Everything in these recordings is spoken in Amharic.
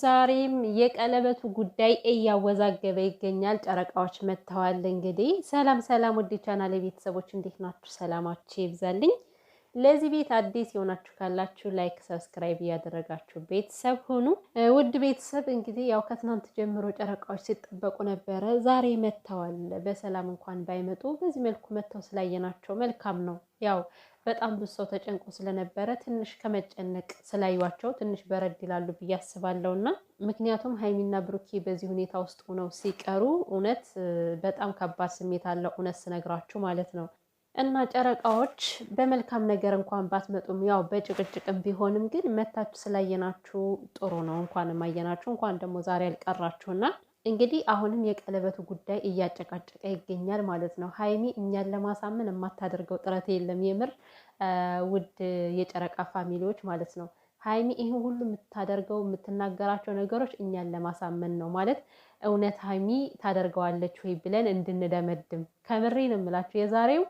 ዛሬም የቀለበቱ ጉዳይ እያወዛገበ ይገኛል። ጨረቃዎች መጥተዋል። እንግዲህ ሰላም ሰላም፣ ወደ ቻናል ቤተሰቦች እንዴት ናችሁ? ሰላማችሁ ይብዛልኝ። ለዚህ ቤት አዲስ የሆናችሁ ካላችሁ ላይክ፣ ሰብስክራይብ እያደረጋችሁ ቤተሰብ ሆኑ። ውድ ቤተሰብ እንግዲህ ያው ከትናንት ጀምሮ ጨረቃዎች ሲጠበቁ ነበረ። ዛሬ መጥተዋል። በሰላም እንኳን ባይመጡ በዚህ መልኩ መጥተው ስላየናቸው መልካም ነው። ያው በጣም ብዙ ሰው ተጨንቆ ስለነበረ ትንሽ ከመጨነቅ ስላዩቸው ትንሽ በረድ ይላሉ ብዬ አስባለሁ እና ምክንያቱም ሀይሚና ብሩኬ በዚህ ሁኔታ ውስጥ ሆነው ሲቀሩ እውነት በጣም ከባድ ስሜት አለው፣ እውነት ስነግራችሁ ማለት ነው። እና ጨረቃዎች በመልካም ነገር እንኳን ባትመጡም ያው በጭቅጭቅም ቢሆንም ግን መታችሁ ስላየናችሁ ጥሩ ነው። እንኳንም አየናችሁ፣ እንኳን ደግሞ ዛሬ አልቀራችሁና እንግዲህ አሁንም የቀለበቱ ጉዳይ እያጨቃጨቀ ይገኛል ማለት ነው። ሀይሚ እኛን ለማሳመን የማታደርገው ጥረት የለም። የምር ውድ የጨረቃ ፋሚሊዎች ማለት ነው። ሀይሚ ይህን ሁሉ የምታደርገው የምትናገራቸው ነገሮች እኛን ለማሳመን ነው ማለት እውነት ሀይሚ ታደርገዋለች ወይ ብለን እንድንደመድም ከምሬ ነው የምላቸው የዛሬው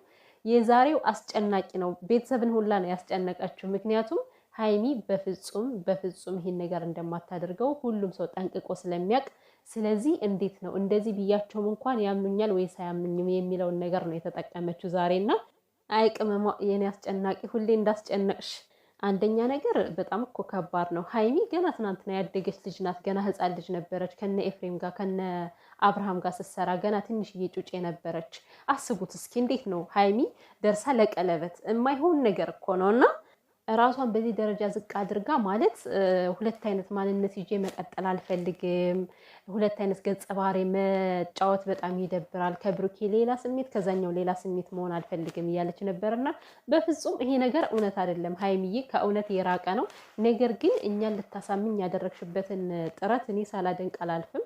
የዛሬው አስጨናቂ ነው። ቤተሰብን ሁላ ነው ያስጨነቀችው። ምክንያቱም ሀይሚ በፍጹም በፍጹም ይህን ነገር እንደማታደርገው ሁሉም ሰው ጠንቅቆ ስለሚያውቅ ስለዚህ እንዴት ነው እንደዚህ ብያቸውም እንኳን ያምኑኛል ወይስ አያምኑኝም የሚለውን ነገር ነው የተጠቀመችው ዛሬና አይቅመማ የኔ አስጨናቂ ሁሌ እንዳስጨነቅሽ አንደኛ ነገር በጣም እኮ ከባድ ነው። ሀይሚ ገና ትናንትና ያደገች ልጅ ናት። ገና ህፃን ልጅ ነበረች። ከነ ኤፍሬም ጋር ከነ አብርሃም ጋር ስትሰራ ገና ትንሽዬ ጩጬ ነበረች። አስቡት እስኪ እንዴት ነው ሀይሚ ደርሳ ለቀለበት የማይሆን ነገር እኮ ነው እና ራሷን በዚህ ደረጃ ዝቅ አድርጋ ማለት ሁለት አይነት ማንነት ይዤ መቀጠል አልፈልግም። ሁለት አይነት ገጸ ባህሪ መጫወት በጣም ይደብራል። ከብሩኬ ሌላ ስሜት፣ ከዛኛው ሌላ ስሜት መሆን አልፈልግም እያለች ነበርና በፍጹም ይሄ ነገር እውነት አይደለም ሀይሚዬ፣ ከእውነት የራቀ ነው። ነገር ግን እኛን ልታሳምኝ ያደረግሽበትን ጥረት እኔ ሳላደንቅ አላልፍም።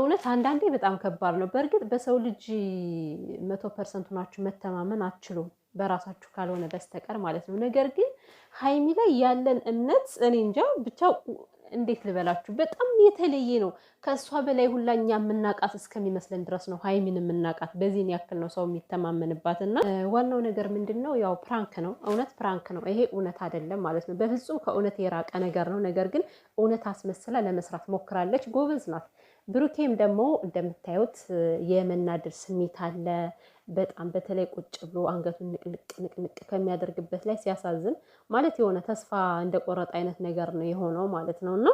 እውነት አንዳንዴ በጣም ከባድ ነው። በእርግጥ በሰው ልጅ መቶ ፐርሰንት ሆናችሁ መተማመን አትችሉም። በራሳችሁ ካልሆነ በስተቀር ማለት ነው። ነገር ግን ሀይሚ ላይ ያለን እምነት እኔ እንጃ ብቻ እንዴት ልበላችሁ፣ በጣም የተለየ ነው። ከእሷ በላይ ሁላኛ የምናቃት እስከሚመስለን ድረስ ነው ሀይሚን የምናቃት። በዚህን ያክል ነው ሰው የሚተማመንባት። እና ዋናው ነገር ምንድን ነው? ያው ፕራንክ ነው፣ እውነት ፕራንክ ነው። ይሄ እውነት አይደለም ማለት ነው። በፍጹም ከእውነት የራቀ ነገር ነው። ነገር ግን እውነት አስመስላ ለመስራት ሞክራለች። ጎበዝ ናት። ብሩኬም ደግሞ እንደምታዩት የመናደድ ስሜት አለ በጣም በተለይ ቁጭ ብሎ አንገቱን ንቅንቅ ከሚያደርግበት ላይ ሲያሳዝን ማለት የሆነ ተስፋ እንደቆረጠ አይነት ነገር ነው የሆነው ማለት ነው እና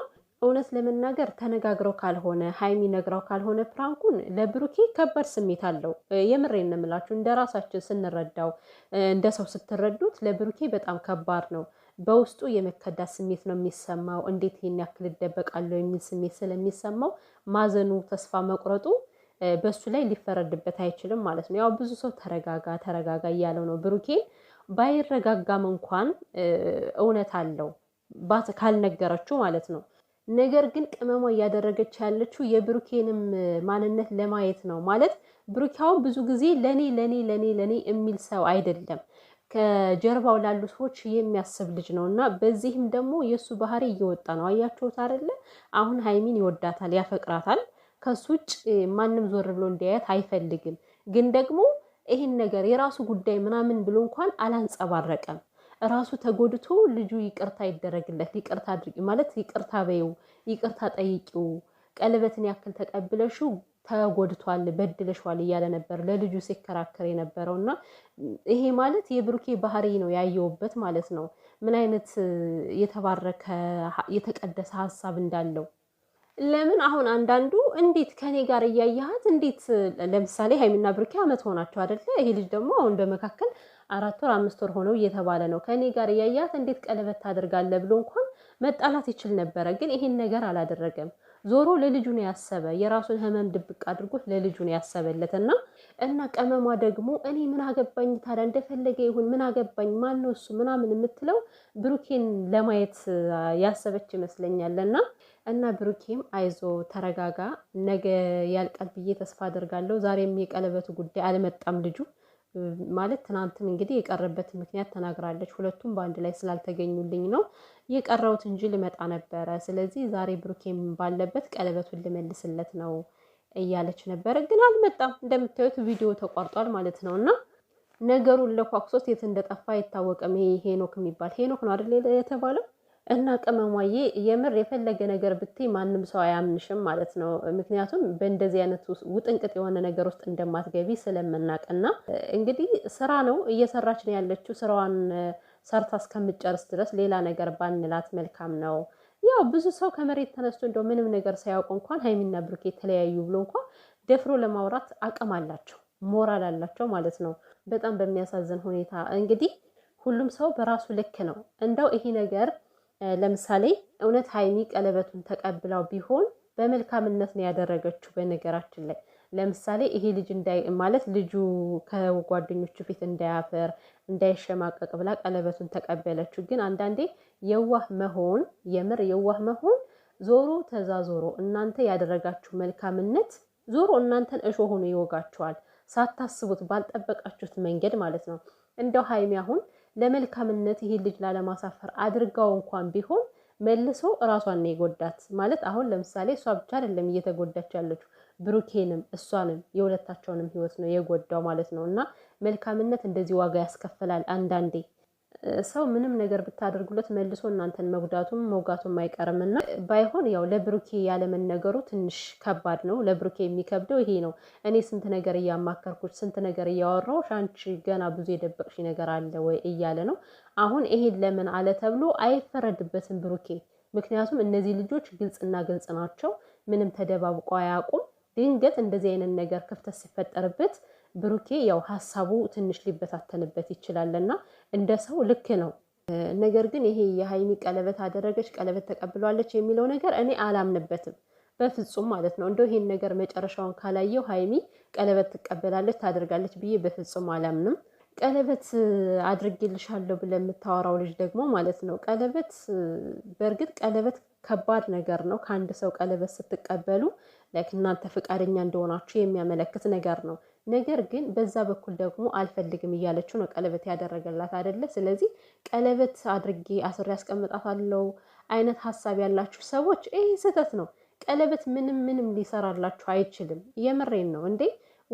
እውነት ለመናገር ተነጋግረው ካልሆነ ሀይሚ ነግራው ካልሆነ ፕራንኩን ለብሩኬ ከባድ ስሜት አለው። የምሬን ነው የምላችሁ። እንደ ራሳችን ስንረዳው እንደ ሰው ስትረዱት ለብሩኬ በጣም ከባድ ነው። በውስጡ የመከዳት ስሜት ነው የሚሰማው። እንዴት ይህን ያክል ይደበቃለሁ የሚል ስሜት ስለሚሰማው ማዘኑ፣ ተስፋ መቁረጡ በሱ ላይ ሊፈረድበት አይችልም ማለት ነው። ያው ብዙ ሰው ተረጋጋ ተረጋጋ እያለው ነው። ብሩኬ ባይረጋጋም እንኳን እውነት አለው ካልነገረችው ማለት ነው። ነገር ግን ቅመሟ እያደረገች ያለችው የብሩኬንም ማንነት ለማየት ነው ማለት ብሩኬውን ብዙ ጊዜ ለኔ ለኔ ለኔ ለኔ የሚል ሰው አይደለም ከጀርባው ላሉ ሰዎች የሚያስብ ልጅ ነው እና በዚህም ደግሞ የእሱ ባህሪ እየወጣ ነው። አያችሁት አይደለ? አሁን ሀይሚን ይወዳታል፣ ያፈቅራታል ከሱ ውጭ ማንም ዞር ብሎ እንዲያየት አይፈልግም። ግን ደግሞ ይህን ነገር የራሱ ጉዳይ ምናምን ብሎ እንኳን አላንጸባረቀም። ራሱ ተጎድቶ ልጁ ይቅርታ ይደረግለት፣ ይቅርታ አድርጊ ማለት ይቅርታ በይው፣ ይቅርታ ጠይቂው፣ ቀለበትን ያክል ተቀብለሹ ተጎድቷል፣ በድለሽዋል እያለ ነበር ለልጁ ሲከራከር የነበረው እና ይሄ ማለት የብሩኬ ባህሪ ነው ያየውበት ማለት ነው። ምን አይነት የተባረከ የተቀደሰ ሀሳብ እንዳለው ለምን አሁን አንዳንዱ እንዴት ከኔ ጋር እያየሃት እንዴት ለምሳሌ ሀይሚና ብሩኬ አመት ሆናቸው አደለ? ይሄ ልጅ ደግሞ አሁን በመካከል አራት ወር አምስት ወር ሆነው እየተባለ ነው። ከኔ ጋር እያየሃት እንዴት ቀለበት አድርጋለ ብሎ እንኳን መጣላት ይችል ነበረ፣ ግን ይሄን ነገር አላደረገም። ዞሮ ለልጁ ነው ያሰበ። የራሱን ህመም ድብቅ አድርጎት ለልጁ ነው ያሰበለት እና እና ቀመሟ ደግሞ እኔ ምን አገባኝ ታዲያ እንደፈለገ ይሁን ምን አገባኝ ማን ነው እሱ ምናምን የምትለው ብሩኬን ለማየት ያሰበች ይመስለኛል እና እና ብሩኬም አይዞ ተረጋጋ፣ ነገ ያልቃል ብዬ ተስፋ አደርጋለሁ። ዛሬም የቀለበቱ ጉዳይ አልመጣም ልጁ ማለት ትናንትም እንግዲህ የቀረበትን ምክንያት ተናግራለች። ሁለቱም በአንድ ላይ ስላልተገኙልኝ ነው የቀረውት እንጂ ልመጣ ነበረ። ስለዚህ ዛሬ ብሩኬም ባለበት ቀለበቱን ልመልስለት ነው እያለች ነበረ፣ ግን አልመጣም። እንደምታዩት ቪዲዮ ተቋርጧል ማለት ነው። እና ነገሩን ለኳክሶት የት እንደጠፋ አይታወቅም። ይሄ ሄኖክ የሚባል ሄኖክ ነው አይደል የተባለው እና ቅመሟዬ የምር የፈለገ ነገር ብትይ ማንም ሰው አያምንሽም ማለት ነው። ምክንያቱም በእንደዚህ አይነት ውጥንቅጥ የሆነ ነገር ውስጥ እንደማትገቢ ስለምናቅና እንግዲህ ስራ ነው እየሰራች ነው ያለችው። ስራዋን ሰርታ እስከምጨርስ ድረስ ሌላ ነገር ባንላት መልካም ነው። ያው ብዙ ሰው ከመሬት ተነስቶ እንደው ምንም ነገር ሳያውቅ እንኳን ሀይሚና ብሩኬ የተለያዩ ብሎ እንኳን ደፍሮ ለማውራት አቅም አላቸው፣ ሞራል አላቸው ማለት ነው። በጣም በሚያሳዝን ሁኔታ እንግዲህ ሁሉም ሰው በራሱ ልክ ነው እንደው ይሄ ነገር ለምሳሌ እውነት ሀይሚ ቀለበቱን ተቀብላው ቢሆን በመልካምነት ነው ያደረገችው። በነገራችን ላይ ለምሳሌ ይሄ ልጅ እንዳይ ማለት ልጁ ከጓደኞቹ ፊት እንዳያፈር እንዳይሸማቀቅ ብላ ቀለበቱን ተቀበለችው። ግን አንዳንዴ የዋህ መሆን የምር የዋህ መሆን ዞሮ ተዛዞሮ እናንተ ያደረጋችሁ መልካምነት ዞሮ እናንተን እሾ ሆኖ ይወጋችኋል። ሳታስቡት ባልጠበቃችሁት መንገድ ማለት ነው። እንደው ሀይሚ አሁን ለመልካምነት ይሄን ልጅ ላለማሳፈር አድርጋው እንኳን ቢሆን መልሶ እራሷን የጎዳት ማለት አሁን ለምሳሌ እሷ ብቻ አይደለም እየተጎዳች ያለችው ብሩኬንም እሷንም የሁለታቸውንም ህይወት ነው የጎዳው ማለት ነው። እና መልካምነት እንደዚህ ዋጋ ያስከፍላል አንዳንዴ። ሰው ምንም ነገር ብታደርጉለት መልሶ እናንተን መጉዳቱም መውጋቱም አይቀርም እና ባይሆን ያው ለብሩኬ ያለምን ነገሩ ትንሽ ከባድ ነው። ለብሩኬ የሚከብደው ይሄ ነው። እኔ ስንት ነገር እያማከርኩች ስንት ነገር እያወራሁሽ፣ አንቺ ገና ብዙ የደበቅሽ ነገር አለ ወይ እያለ ነው። አሁን ይሄን ለምን አለ ተብሎ አይፈረድበትም ብሩኬ። ምክንያቱም እነዚህ ልጆች ግልጽና ግልጽ ናቸው። ምንም ተደባብቆ አያውቁም። ድንገት እንደዚህ አይነት ነገር ክፍተት ሲፈጠርበት ብሩኬ ያው ሀሳቡ ትንሽ ሊበታተንበት ይችላልና እንደ ሰው ልክ ነው። ነገር ግን ይሄ የሀይሚ ቀለበት አደረገች፣ ቀለበት ተቀብሏለች የሚለው ነገር እኔ አላምንበትም በፍጹም ማለት ነው። እንደው ይሄን ነገር መጨረሻውን ካላየው ሀይሚ ቀለበት ትቀበላለች፣ ታደርጋለች ብዬ በፍጹም አላምንም። ቀለበት አድርጌልሻለሁ ብለህ የምታወራው ልጅ ደግሞ ማለት ነው ቀለበት በእርግጥ ቀለበት ከባድ ነገር ነው። ከአንድ ሰው ቀለበት ስትቀበሉ እናንተ ፈቃደኛ እንደሆናችሁ የሚያመለክት ነገር ነው። ነገር ግን በዛ በኩል ደግሞ አልፈልግም እያለችው ነው ቀለበት ያደረገላት አይደለ? ስለዚህ ቀለበት አድርጌ አስሬ ያስቀምጣታለሁ አይነት ሀሳብ ያላችሁ ሰዎች ይህ ስህተት ነው። ቀለበት ምንም ምንም ሊሰራላችሁ አይችልም። የምሬን ነው እንዴ!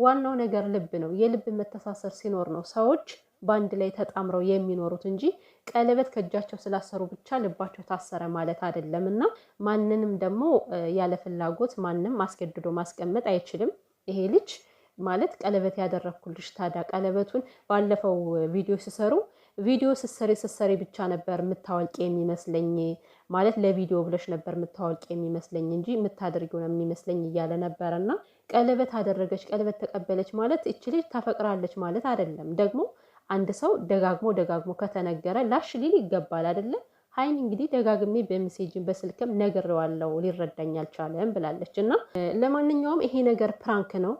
ዋናው ነገር ልብ ነው። የልብ መተሳሰር ሲኖር ነው ሰዎች በአንድ ላይ ተጣምረው የሚኖሩት እንጂ ቀለበት ከእጃቸው ስላሰሩ ብቻ ልባቸው ታሰረ ማለት አይደለም። እና ማንንም ደግሞ ያለ ፍላጎት ማንም አስገድዶ ማስቀመጥ አይችልም። ይሄ ልጅ ማለት ቀለበት ያደረግኩልሽ ታዲያ ቀለበቱን ባለፈው ቪዲዮ ሲሰሩ ቪዲዮ ስሰሪ ስሰሪ ብቻ ነበር የምታወልቅ የሚመስለኝ ማለት ለቪዲዮ ብለሽ ነበር የምታወልቅ የሚመስለኝ እንጂ የምታደርጊው ነው የሚመስለኝ እያለ ነበር እና ቀለበት አደረገች፣ ቀለበት ተቀበለች ማለት እች ልጅ ታፈቅራለች ማለት አይደለም ደግሞ አንድ ሰው ደጋግሞ ደጋግሞ ከተነገረ ላሽ ሊል ይገባል አይደለም። ሀይሚ እንግዲህ ደጋግሜ በሜሴጅን በስልክም ነግሬዋለሁ ሊረዳኝ አልቻለም ብላለች። እና ለማንኛውም ይሄ ነገር ፕራንክ ነው፣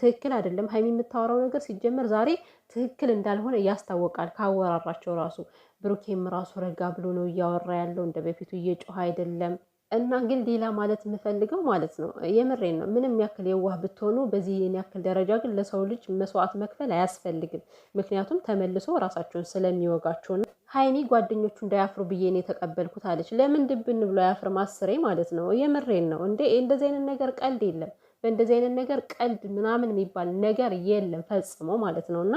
ትክክል አይደለም። ሀይሚ የምታወራው ነገር ሲጀመር ዛሬ ትክክል እንዳልሆነ ያስታወቃል። ካወራራቸው ራሱ ብሩኬም ራሱ ረጋ ብሎ ነው እያወራ ያለው፣ እንደ በፊቱ እየጮኸ አይደለም። እና ግን ሌላ ማለት የምፈልገው ማለት ነው የምሬን ነው። ምንም ያክል የዋህ ብትሆኑ በዚህ ያክል ደረጃ ግን ለሰው ልጅ መስዋዕት መክፈል አያስፈልግም። ምክንያቱም ተመልሶ ራሳቸውን ስለሚወጋቸው ነው። ሀይሚ ጓደኞቹ እንዳያፍሩ ብዬ ነው የተቀበልኩት አለች። ለምን ድብን ብሎ ያፍር ማስሬ ማለት ነው። የምሬን ነው እንዴ። እንደዚህ አይነት ነገር ቀልድ የለም። በእንደዚህ አይነት ነገር ቀልድ ምናምን የሚባል ነገር የለም ፈጽሞ ማለት ነው እና